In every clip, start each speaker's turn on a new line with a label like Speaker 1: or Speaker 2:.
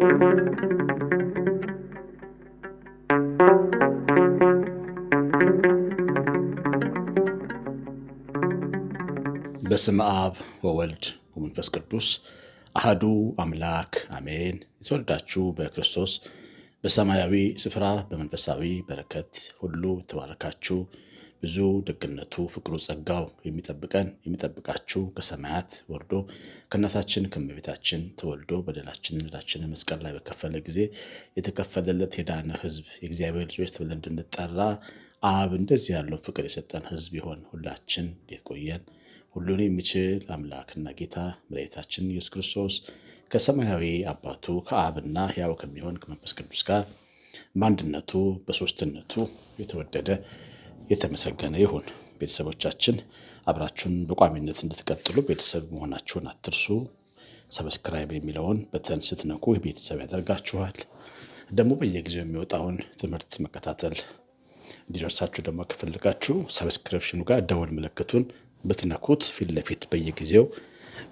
Speaker 1: በስመ አብ ወወልድ ወመንፈስ ቅዱስ አህዱ አምላክ አሜን። የተወለዳችሁ በክርስቶስ በሰማያዊ ስፍራ በመንፈሳዊ በረከት ሁሉ የተባረካችሁ ብዙ ደግነቱ፣ ፍቅሩ፣ ጸጋው የሚጠብቀን የሚጠብቃችሁ ከሰማያት ወርዶ ከእናታችን ከእመቤታችን ተወልዶ በደላችንን ዕዳችንን መስቀል ላይ በከፈለ ጊዜ የተከፈለለት የዳነ ሕዝብ የእግዚአብሔር ልጆች ተብለን እንድንጠራ አብ እንደዚህ ያለው ፍቅር የሰጠን ሕዝብ ይሆን ሁላችን እንዴት ቆየን። ሁሉን የሚችል አምላክና ጌታ መድኃኒታችን ኢየሱስ ክርስቶስ ከሰማያዊ አባቱ ከአብና ሕያው ከሚሆን ከመንፈስ ቅዱስ ጋር በአንድነቱ በሶስትነቱ የተወደደ የተመሰገነ ይሁን። ቤተሰቦቻችን አብራችሁን በቋሚነት እንድትቀጥሉ ቤተሰብ መሆናችሁን አትርሱ። ሰብስክራይብ የሚለውን በተን ስትነኩ ቤተሰብ ያደርጋችኋል። ደግሞ በየጊዜው የሚወጣውን ትምህርት መከታተል እንዲደርሳችሁ ደግሞ ከፈለጋችሁ ሰብስክሪፕሽኑ ጋር ደወል ምልክቱን ብትነኩት ፊት ለፊት በየጊዜው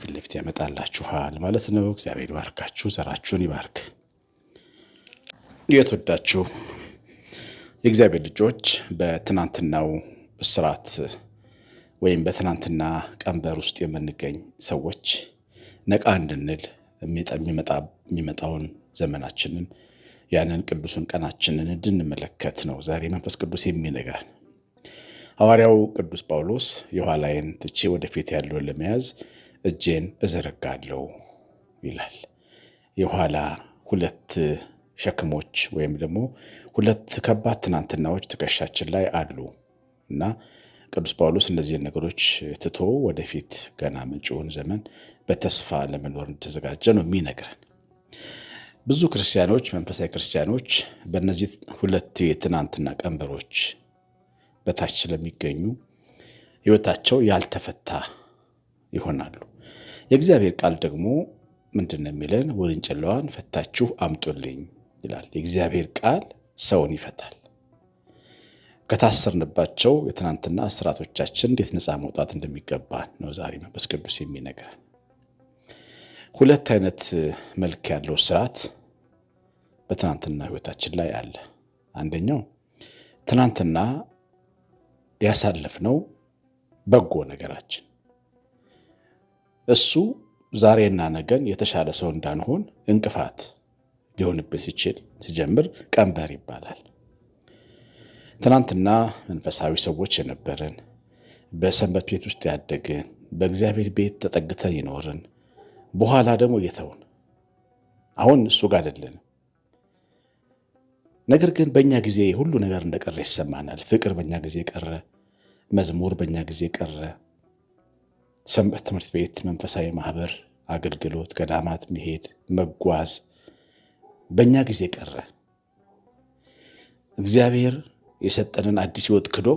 Speaker 1: ፊት ለፊት ያመጣላችኋል ማለት ነው። እግዚአብሔር ይባርካችሁ፣ ዘራችሁን ይባርክ። የተወዳችሁ የእግዚአብሔር ልጆች በትናንትናው እስራት ወይም በትናንትና ቀንበር ውስጥ የምንገኝ ሰዎች ነቃ እንድንል የሚመጣውን ዘመናችንን ያንን ቅዱሱን ቀናችንን እንድንመለከት ነው ዛሬ መንፈስ ቅዱስ የሚነግረን። ሐዋርያው ቅዱስ ጳውሎስ የኋላዬን ትቼ ወደፊት ያለውን ለመያዝ እጄን እዘረጋለሁ ይላል። የኋላ ሁለት ሸክሞች ወይም ደግሞ ሁለት ከባድ ትናንትናዎች ትከሻችን ላይ አሉ እና ቅዱስ ጳውሎስ እነዚህን ነገሮች ትቶ ወደፊት ገና ምንጭውን ዘመን በተስፋ ለመኖር እንደተዘጋጀ ነው የሚነግረን። ብዙ ክርስቲያኖች፣ መንፈሳዊ ክርስቲያኖች በእነዚህ ሁለት የትናንትና ቀንበሮች በታች ስለሚገኙ ህይወታቸው ያልተፈታ ይሆናሉ። የእግዚአብሔር ቃል ደግሞ ምንድን ነው የሚለን? ውርንጭላዋን ፈታችሁ አምጡልኝ ይላል የእግዚአብሔር ቃል ሰውን ይፈታል። ከታሰርንባቸው የትናንትና ስርዓቶቻችን እንዴት ነፃ መውጣት እንደሚገባ ነው ዛሬ መንፈስ ቅዱስ የሚነግረን። ሁለት አይነት መልክ ያለው ስርዓት በትናንትና ህይወታችን ላይ አለ። አንደኛው ትናንትና ያሳለፍነው በጎ ነገራችን እሱ ዛሬና ነገን የተሻለ ሰው እንዳንሆን እንቅፋት ሊሆንብህ ሲችል ሲጀምር ቀንበር ይባላል። ትናንትና መንፈሳዊ ሰዎች የነበርን በሰንበት ቤት ውስጥ ያደግን በእግዚአብሔር ቤት ተጠግተን ይኖርን በኋላ ደግሞ የተውን አሁን እሱ ጋር አይደለንም። ነገር ግን በእኛ ጊዜ ሁሉ ነገር እንደቀረ ይሰማናል። ፍቅር በእኛ ጊዜ ቀረ፣ መዝሙር በእኛ ጊዜ ቀረ፣ ሰንበት ትምህርት ቤት፣ መንፈሳዊ ማህበር፣ አገልግሎት፣ ገዳማት መሄድ፣ መጓዝ በእኛ ጊዜ ቀረ። እግዚአብሔር የሰጠንን አዲስ ህይወት ክዶ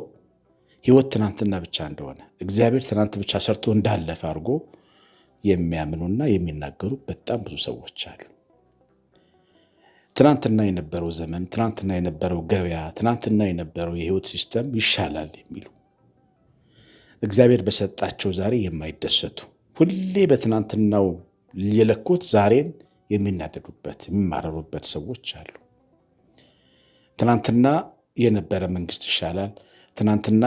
Speaker 1: ህይወት ትናንትና ብቻ እንደሆነ እግዚአብሔር ትናንት ብቻ ሰርቶ እንዳለፈ አድርጎ የሚያምኑና የሚናገሩ በጣም ብዙ ሰዎች አሉ። ትናንትና የነበረው ዘመን፣ ትናንትና የነበረው ገበያ፣ ትናንትና የነበረው የህይወት ሲስተም ይሻላል የሚሉ እግዚአብሔር በሰጣቸው ዛሬ የማይደሰቱ ሁሌ በትናንትናው የለኩት ዛሬን የሚናደዱበት የሚማረሩበት ሰዎች አሉ። ትናንትና የነበረ መንግስት ይሻላል፣ ትናንትና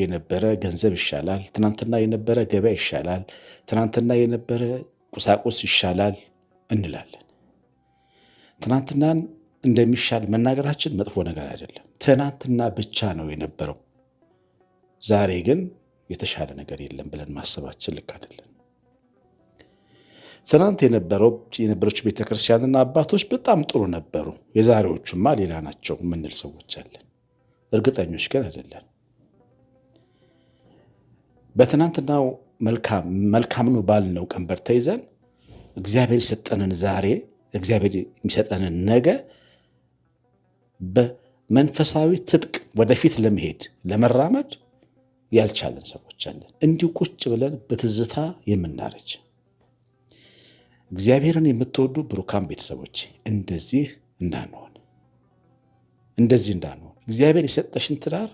Speaker 1: የነበረ ገንዘብ ይሻላል፣ ትናንትና የነበረ ገበያ ይሻላል፣ ትናንትና የነበረ ቁሳቁስ ይሻላል እንላለን። ትናንትናን እንደሚሻል መናገራችን መጥፎ ነገር አይደለም። ትናንትና ብቻ ነው የነበረው፣ ዛሬ ግን የተሻለ ነገር የለም ብለን ማሰባችን ልክ አይደለም። ትናንት የነበረች ቤተክርስቲያንና አባቶች በጣም ጥሩ ነበሩ፣ የዛሬዎቹማ ሌላ ናቸው የምንል ሰዎች አለን። እርግጠኞች ግን አይደለን። በትናንትናው መልካም ነው ባልነው ቀንበር ተይዘን እግዚአብሔር የሰጠንን ዛሬ እግዚአብሔር የሚሰጠንን ነገ በመንፈሳዊ ትጥቅ ወደፊት ለመሄድ ለመራመድ ያልቻለን ሰዎች አለን። እንዲሁ ቁጭ ብለን በትዝታ የምናረጅ እግዚአብሔርን የምትወዱ ብሩካን ቤተሰቦች እንደዚህ እንዳንሆን እንደዚህ እንዳንሆን እግዚአብሔር የሰጠሽን ትዳር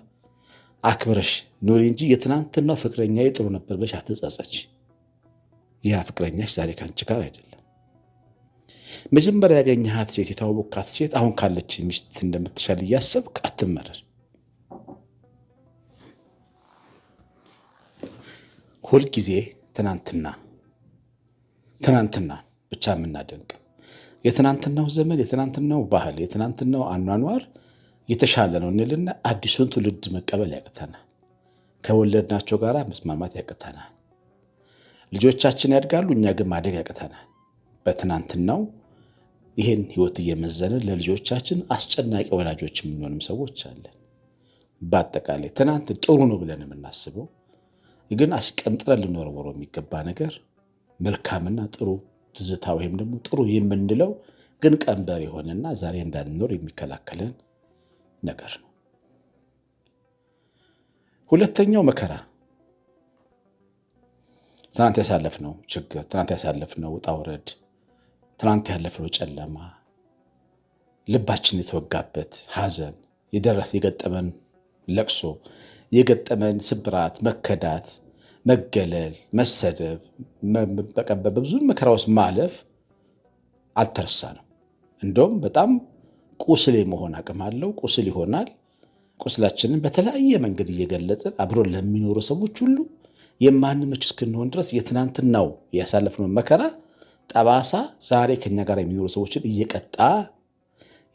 Speaker 1: አክብረሽ ኑሪ እንጂ የትናንትናው ፍቅረኛ ጥሩ ነበር ብለሽ አትጸጸች። ያ ፍቅረኛሽ ዛሬ ከአንቺ ጋር አይደለም። መጀመሪያ ያገኘሃት ሴት የተዋወቅካት ሴት አሁን ካለች ሚስት እንደምትሻል እያሰብክ አትመረር። ሁልጊዜ ትናንትና ትናንትና ብቻ የምናደንቅ የትናንትናው ዘመን የትናንትናው ባህል የትናንትናው አኗኗር የተሻለ ነው እንልና አዲሱን ትውልድ መቀበል ያቅተናል። ከወለድናቸው ጋር መስማማት ያቅተናል። ልጆቻችን ያድጋሉ፣ እኛ ግን ማደግ ያቅተናል። በትናንትናው ይህን ህይወት እየመዘንን ለልጆቻችን አስጨናቂ ወላጆች የምንሆንም ሰዎች አለን። በአጠቃላይ ትናንት ጥሩ ነው ብለን የምናስበው ግን አሽቀንጥረን ልንወረወረው የሚገባ ነገር መልካምና ጥሩ ትዝታ ወይም ደግሞ ጥሩ የምንለው ግን ቀንበር የሆነና ዛሬ እንዳንኖር የሚከላከለን ነገር ነው። ሁለተኛው መከራ ትናንት ያሳለፍነው ችግር፣ ትናንት ያሳለፍነው ውጣ ውረድ፣ ትናንት ያለፍነው ጨለማ፣ ልባችን የተወጋበት ሐዘን፣ የደረስ የገጠመን ለቅሶ፣ የገጠመን ስብራት፣ መከዳት መገለል፣ መሰደብ፣ በብዙ መከራ ውስጥ ማለፍ አልተረሳ ነው። እንደውም በጣም ቁስል መሆን አቅም አለው። ቁስል ይሆናል። ቁስላችንን በተለያየ መንገድ እየገለጽን አብሮን ለሚኖሩ ሰዎች ሁሉ የማንመች እስክንሆን ድረስ የትናንትናው ያሳለፍነው መከራ ጠባሳ ዛሬ ከኛ ጋር የሚኖሩ ሰዎችን እየቀጣ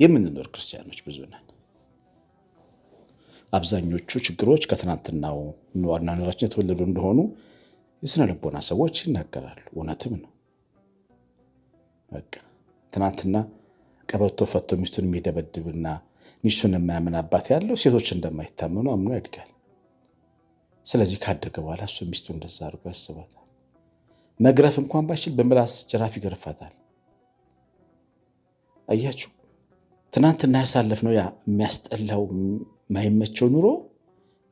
Speaker 1: የምንኖር ክርስቲያኖች ብዙ ነን። አብዛኞቹ ችግሮች ከትናንትናው ዋና ነራችን የተወለዱ እንደሆኑ የስነ ልቦና ሰዎች ይናገራሉ። እውነትም ነው። በቃ ትናንትና ቀበቶ ፈቶ ሚስቱን የሚደበድብና ሚስቱን የማያምን አባት ያለው ሴቶች እንደማይታመኑ አምኖ ያድጋል። ስለዚህ ካደገ በኋላ እሱ ሚስቱ እንደዛ አድርጎ ያስባታል። መግረፍ እንኳን ባይችል በምላስ ጅራፍ ይገርፋታል። አያችሁ ትናንትና ነው ያ የሚያስጠላው ማይመቸው ኑሮ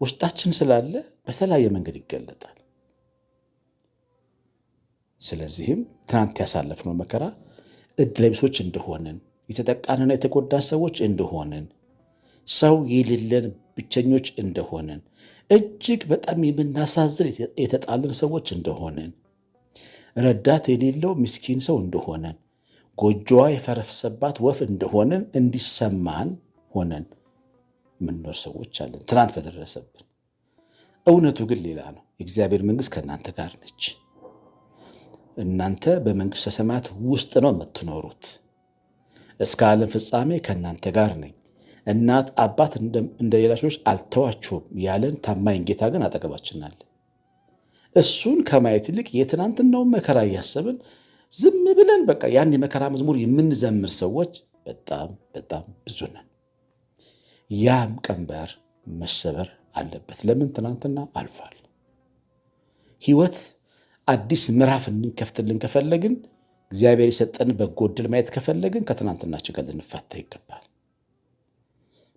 Speaker 1: ውስጣችን ስላለ በተለያየ መንገድ ይገለጣል። ስለዚህም ትናንት ያሳለፍነው መከራ ዕድለቢሶች እንደሆንን የተጠቃንና የተጎዳን ሰዎች እንደሆንን ሰው የሌለን ብቸኞች እንደሆንን እጅግ በጣም የምናሳዝን የተጣልን ሰዎች እንደሆንን ረዳት የሌለው ምስኪን ሰው እንደሆነን ጎጆዋ የፈረሰባት ወፍ እንደሆንን እንዲሰማን ሆነን ምንኖር ሰዎች አለን፣ ትናንት በደረሰብን። እውነቱ ግን ሌላ ነው። የእግዚአብሔር መንግስት ከእናንተ ጋር ነች። እናንተ በመንግስት ሰማያት ውስጥ ነው የምትኖሩት። እስከ ዓለም ፍጻሜ ከእናንተ ጋር ነኝ፣ እናት አባት እንደሌላ ሰዎች አልተዋችሁም ያለን ታማኝ ጌታ ግን አጠገባችን አለ። እሱን ከማየት ይልቅ የትናንትናውን መከራ እያሰብን ዝም ብለን በቃ ያን የመከራ መዝሙር የምንዘምር ሰዎች በጣም በጣም ብዙ ነን። ያም ቀንበር መሰበር አለበት። ለምን? ትናንትና አልፏል። ህይወት አዲስ ምዕራፍ እንከፍትልን ከፈለግን እግዚአብሔር የሰጠን በጎ ዕድል ማየት ከፈለግን ከትናንትናችን ጋር ልንፋታ ይገባል።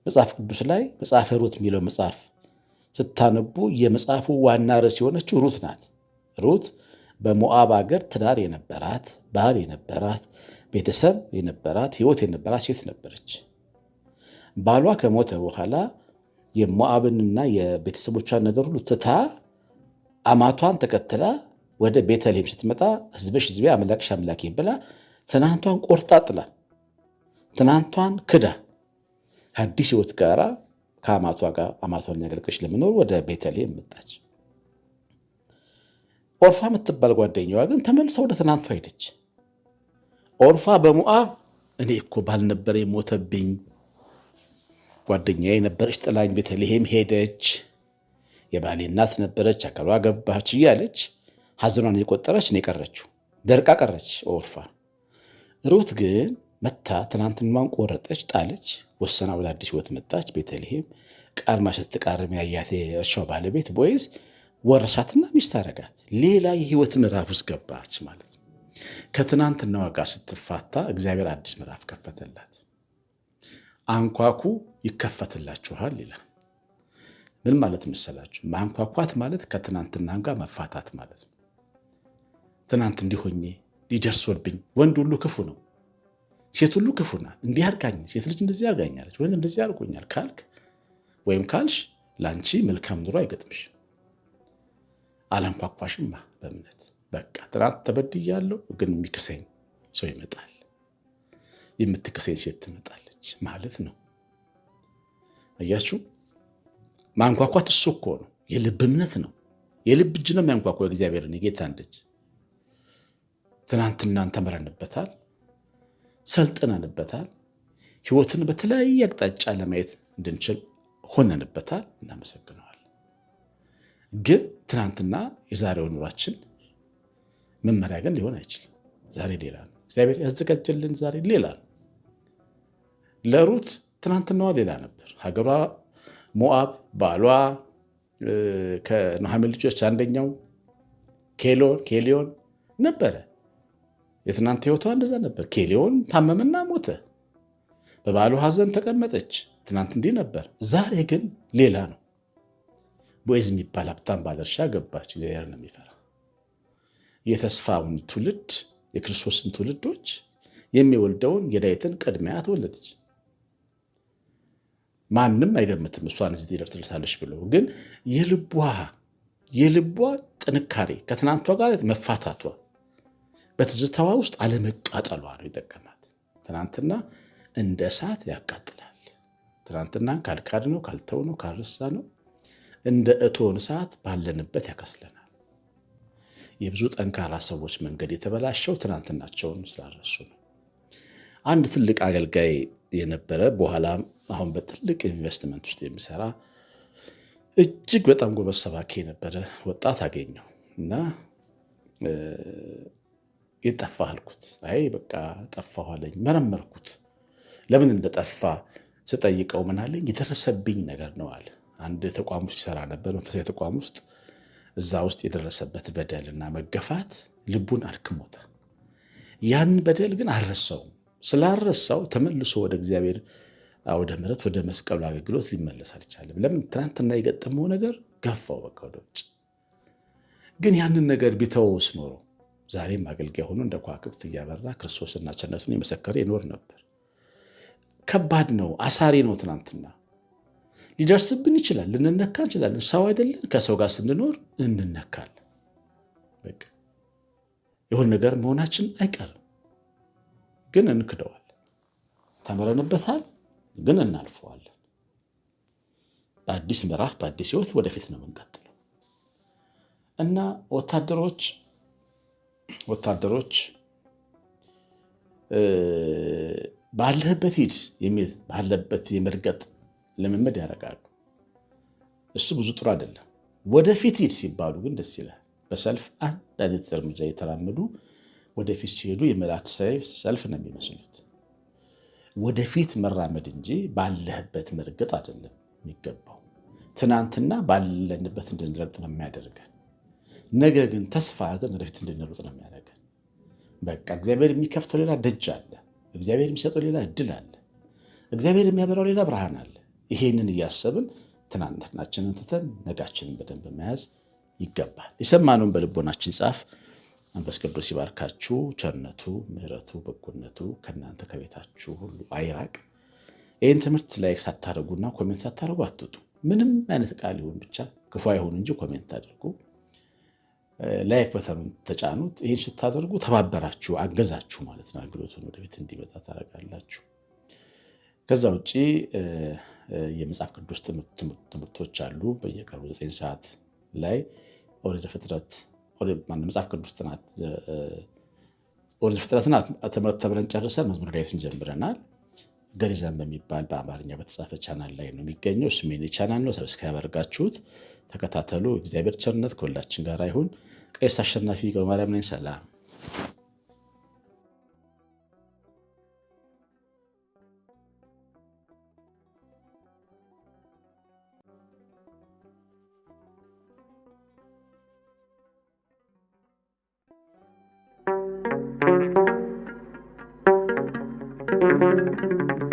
Speaker 1: መጽሐፍ ቅዱስ ላይ መጽሐፈ ሩት የሚለው መጽሐፍ ስታነቡ የመጽሐፉ ዋና ርዕስ የሆነችው ሩት ናት። ሩት በሞአብ አገር ትዳር የነበራት፣ ባል የነበራት፣ ቤተሰብ የነበራት፣ ህይወት የነበራት ሴት ነበረች። ባሏ ከሞተ በኋላ የሞአብንና የቤተሰቦቿን ነገር ሁሉ ትታ አማቷን ተከትላ ወደ ቤተልሔም ስትመጣ ሕዝብሽ ሕዝቤ አምላክሽ አምላኬ ብላ ትናንቷን ቆርጣ ጥላ ትናንቷን ክዳ ከአዲስ ህይወት ጋር ከአማቷ ጋር አማቷን ያገልገች ለመኖር ወደ ቤተልሔም መጣች። ኦርፋ የምትባል ጓደኛዋ ግን ተመልሳ ወደ ትናንቷ ሄደች። ኦርፋ በሞአብ እኔ እኮ ባልነበረ የሞተብኝ ጓደኛ የነበረች ጥላኝ ቤተልሔም ሄደች፣ የባሌ እናት ነበረች አካሏ ገባች እያለች ሐዘኗን የቆጠረች ነው የቀረችው። ደርቃ ቀረች ኦርፋ። ሩት ግን መታ ትናንትናን ቆረጠች፣ ጣለች፣ ወሰና ወደ አዲስ ሕይወት መጣች። ቤተልሔም ቃርማሽ ስትቃርም ያያት የእርሻው ባለቤት ቦይዝ ወረሳትና ሚስት አረጋት። ሌላ የህይወት ምዕራፍ ውስጥ ገባች ማለት ነው። ከትናንትናዋ ጋር ስትፋታ እግዚአብሔር አዲስ ምዕራፍ ከፈተላት። አንኳኩ ይከፈትላችኋል ይላል። ምን ማለት መሰላችሁ? ማንኳኳት ማለት ከትናንትና ጋር መፋታት ማለት ነው። ትናንት እንዲሆኜ ሊደርሶብኝ፣ ወንድ ሁሉ ክፉ ነው፣ ሴት ሁሉ ክፉ ናት፣ እንዲህ አርጋኝ፣ ሴት ልጅ እንደዚህ አርጋኛለች፣ ወንድ እንደዚህ አርጎኛል ካልክ ወይም ካልሽ ለአንቺ መልካም ኑሮ አይገጥምሽ። አላንኳኳሽማ በእምነት በቃ ትናንት ተበድያለሁ፣ ግን የሚክሰኝ ሰው ይመጣል፣ የምትክሰኝ ሴት ትመጣል መጣች ማለት ነው። አያችሁ፣ ማንኳኳት እሱ እኮ ነው። የልብ እምነት ነው። የልብ እጅ ነው የሚያንኳኳው የእግዚአብሔርን የጌታን ልጅ። ትናንትናን ተምረንበታል፣ ሰልጥነንበታል። ህይወትን በተለያየ አቅጣጫ ለማየት እንድንችል ሆነንበታል። እናመሰግነዋል። ግን ትናንትና የዛሬው ኑሯችን መመሪያ ግን ሊሆን አይችልም። ዛሬ ሌላ ነው። እግዚአብሔር ያዘጋጀልን ዛሬ ሌላ ነው። ለሩት ትናንትናዋ ሌላ ነበር። ሀገሯ ሞአብ፣ ባሏ ከኑኃሚን ልጆች አንደኛው ኬሎን ኬሊዮን ነበረ። የትናንት ህይወቷ እንደዛ ነበር። ኬሊዮን ታመመና ሞተ። በባሉ ሀዘን ተቀመጠች። ትናንት እንዲህ ነበር። ዛሬ ግን ሌላ ነው። ቦዔዝ የሚባል ሀብታም ባለእርሻ ገባች። እግዚአብሔር ነው የሚፈራ የተስፋውን ትውልድ የክርስቶስን ትውልዶች የሚወልደውን የዳዊትን ቅድሚያ ትወለደች። ማንም አይገምትም እሷን እዚህ ደርስ ትደርሳለች ብሎ ግን የልቧ የልቧ ጥንካሬ ከትናንቷ ጋር መፋታቷ በትዝታዋ ውስጥ አለመቃጠሏ ነው የጠቀማት። ትናንትና እንደ እሳት ያቃጥላል። ትናንትና ካልካድ ነው ካልተው ነው ካልረሳ ነው እንደ እቶን እሳት ባለንበት ያከስለናል። የብዙ ጠንካራ ሰዎች መንገድ የተበላሸው ትናንትናቸውን ስላረሱ ነው። አንድ ትልቅ አገልጋይ የነበረ በኋላ አሁን በትልቅ ኢንቨስትመንት ውስጥ የሚሰራ እጅግ በጣም ጎበዝ ሰባኪ የነበረ ወጣት አገኘው እና የጠፋ አልኩት። አይ በቃ ጠፋሁ አለኝ። መረመርኩት። ለምን እንደጠፋ ስጠይቀው ምናለኝ የደረሰብኝ ነገር ነው አለ። አንድ ተቋም ውስጥ ይሰራ ነበር፣ መንፈሳዊ ተቋም ውስጥ። እዛ ውስጥ የደረሰበት እና መገፋት ልቡን አድክሞታል። ያን በደል ግን አልረሳውም። ስላረሳው ተመልሶ ወደ እግዚአብሔር ወደ ምሕረት ወደ መስቀሉ አገልግሎት ሊመለስ አልቻለም። ለምን? ትናንትና የገጠመው ነገር ገፋው በቃ ወደ ውጭ። ግን ያንን ነገር ቢተወውስ ኖሮ ዛሬም አገልጋይ ሆኖ እንደ ከዋክብት እያበራ ክርስቶስና ቸርነቱን የመሰከረ ይኖር ነበር። ከባድ ነው፣ አሳሪ ነው። ትናንትና ሊደርስብን ይችላል፣ ልንነካ እንችላለን። ሰው አይደለን? ከሰው ጋር ስንኖር እንነካለን። የሆነ ነገር መሆናችን አይቀርም። ግን እንክደዋለን። ተምረንበታል ግን እናልፈዋለን። በአዲስ ምዕራፍ በአዲስ ህይወት ወደፊት ነው የምንቀጥለው እና ወታደሮች ወታደሮች ባለህበት ሂድ የሚል ባለበት የመርገጥ ልምምድ ያደርጋሉ። እሱ ብዙ ጥሩ አይደለም። ወደፊት ሂድ ሲባሉ ግን ደስ ይላል። በሰልፍ አንድ አይነት እርምጃ የተራመዱ ወደፊት ሲሄዱ የመላት ሰልፍ ነው የሚመስሉት። ወደፊት መራመድ እንጂ ባለህበት መርገጥ አይደለም የሚገባው። ትናንትና ባለንበት እንድንረግጥ ነው የሚያደርገን። ነገ ግን ተስፋ ግን ወደፊት እንድንሮጥ ነው የሚያደርገን። በቃ እግዚአብሔር የሚከፍተው ሌላ ደጅ አለ። እግዚአብሔር የሚሰጠው ሌላ እድል አለ። እግዚአብሔር የሚያበራው ሌላ ብርሃን አለ። ይሄንን እያሰብን ትናንትናችንን ትተን ነጋችንን በደንብ መያዝ ይገባል። የሰማነውን በልቦናችን ጻፍ። መንፈስ ቅዱስ ይባርካችሁ። ቸርነቱ፣ ምሕረቱ፣ በጎነቱ ከእናንተ ከቤታችሁ ሁሉ አይራቅ። ይህን ትምህርት ላይክ ሳታደርጉና ኮሜንት ሳታደርጉ አትውጡ። ምንም አይነት ቃል ይሁን ብቻ ክፉ አይሁን እንጂ ኮሜንት አድርጉ። ላይክ በተኑ ተጫኑት። ይህን ስታደርጉ ተባበራችሁ፣ አገዛችሁ ማለት ነው። አገልግሎቱን ወደፊት እንዲመጣ ታደርጋላችሁ። ከዛ ውጭ የመጽሐፍ ቅዱስ ትምህርቶች አሉ። በየቀኑ ዘጠኝ ሰዓት ላይ ኦሪት ዘፍጥረት መጽሐፍ ቅዱስ ጥናት ኦሪት ዘፍጥረትን ተብለን ጨርሰን መዝሙር ዳዊትን ጀምረናል። ገሪዛን በሚባል በአማርኛ በተጻፈ ቻናል ላይ ነው የሚገኘው። እሱም ቻናል ነው። ሰብስክራይብ አድርጋችሁት ተከታተሉ። እግዚአብሔር ቸርነት ከሁላችን ጋር ይሁን። ቀይስ አሸናፊ ገብረማርያም ነኝ። ሰላም thank you